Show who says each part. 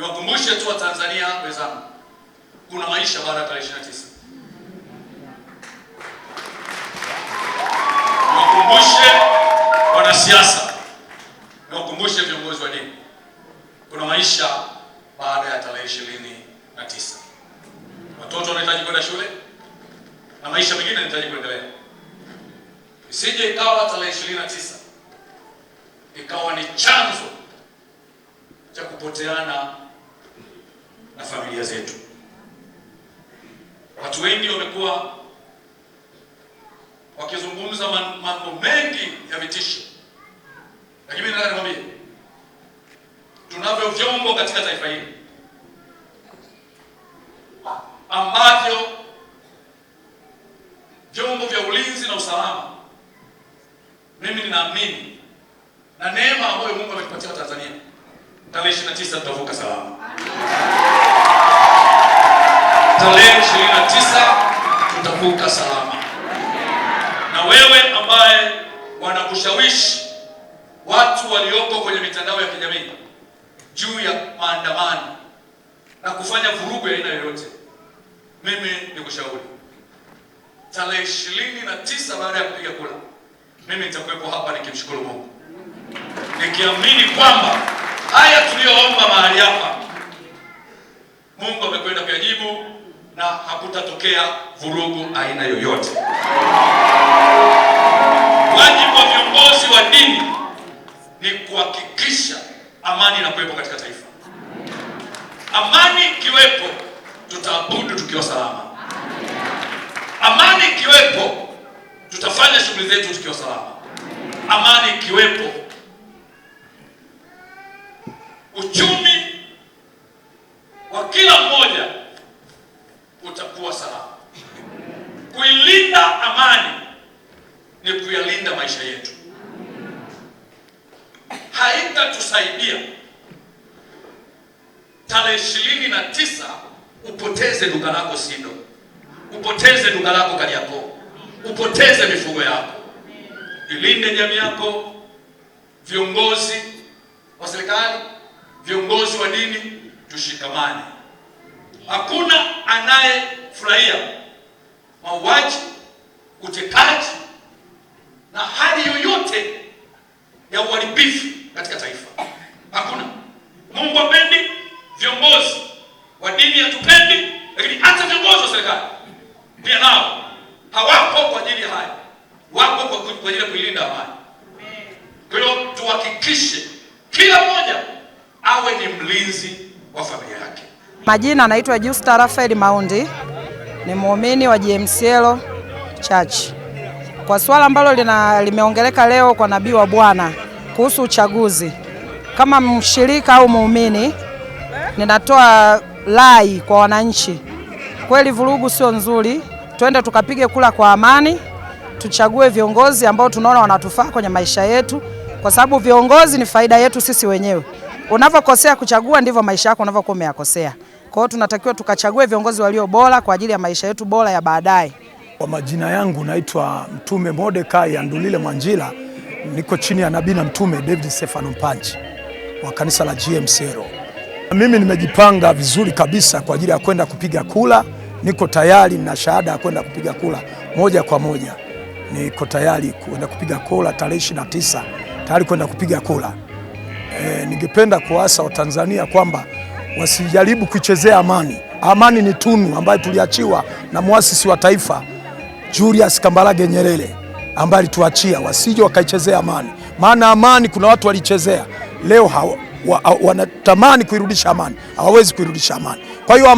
Speaker 1: Niwakumbushe tu Watanzania wenzangu, kuna maisha baada ya tarehe 29. Niwakumbushe wanasiasa, niwakumbushe viongozi wa dini, kuna maisha baada ya tarehe tisa Watoto wanahitaji kwenda shule na maisha mengine yanahitaji kuendelea. Isije ikawa tarehe tisa ikawa ni chanzo cha kupoteana na familia zetu. Watu wengi wamekuwa wakizungumza mambo mengi ya vitisho, lakini nataka nikwambie tunavyo vyombo katika taifa hili ambavyo vyombo vya ulinzi na usalama, mimi ninaamini na neema ambayo Mungu ametupatia Tanzania, tarehe 29 tutavuka salama tarehe 29 tutakuta salama. Na wewe ambaye wanakushawishi watu walioko kwenye mitandao ya kijamii juu ya maandamano na kufanya vurugu ya aina yoyote, mimi ni kushauri tarehe ishirini na tisa baada ya kupiga kura, mimi nitakuwepo hapa nikimshukuru Mungu nikiamini kwamba haya tuliyoomba mahali hapa Mungu na hakutatokea vurugu aina yoyote. Wajibu wa viongozi wa dini ni kuhakikisha amani inakuwepo katika taifa. Amani ikiwepo, tutaabudu tukiwa salama. Amani ikiwepo, tutafanya shughuli zetu tukiwa salama. Amani ikiwepo, uchumi wa kila mmoja kuwa salama. Kuilinda amani ni kuyalinda maisha yetu. Haitatusaidia tarehe ishirini na tisa upoteze duka lako sindo upoteze duka lako Kariakoo, upoteze mifugo yako. Ilinde jamii yako, viongozi wa serikali, viongozi wa dini, tushikamane. Hakuna anaye furahia mauaji, utekaji na hali yoyote ya uharibifu katika taifa. Hakuna Mungu apendi, viongozi wa dini hatupendi, lakini hata viongozi wa serikali pia nao hawapo kwa ajili ya haya, wapo kwa ajili ya kuilinda amani. Kwa hiyo tuhakikishe kila mmoja awe ni mlinzi wa familia yake.
Speaker 2: Majina anaitwa Justa Rafael Maundi ni muumini wa GMCL Church. Kwa swala ambalo lina limeongeleka leo kwa nabii wa Bwana kuhusu uchaguzi, kama mshirika au muumini, ninatoa lai kwa wananchi, kweli vurugu sio nzuri, twende tukapige kula kwa amani, tuchague viongozi ambao tunaona wanatufaa kwenye maisha yetu, kwa sababu viongozi ni faida yetu sisi wenyewe. Unavyokosea kuchagua ndivyo maisha yako unavyokuwa umeyakosea. Kwa hiyo tunatakiwa tukachague viongozi walio bora kwa ajili ya maisha yetu bora ya baadaye.
Speaker 3: Kwa majina yangu naitwa Mtume Mordekai Andulile Mwanjila, niko chini ya nabii na mtume David Stefano Mpanji wa kanisa la GMCL. Mimi nimejipanga vizuri kabisa kwa ajili ya kwenda kupiga kula, niko tayari na shahada ya kwenda kupiga kula moja kwa moja. Niko tayari kwenda kupiga kula tarehe ishirini na tisa, tayari kwenda kupiga kula. E, ningependa kuasa Watanzania kwamba wasijaribu kuichezea amani. Amani ni tunu ambayo tuliachiwa na muasisi wa taifa Julius Kambarage Nyerere ambaye alituachia, wasije wakaichezea amani, maana amani kuna watu walichezea, leo hawa, wa, wa, wanatamani kuirudisha amani, hawawezi kuirudisha amani. Kwa hiyo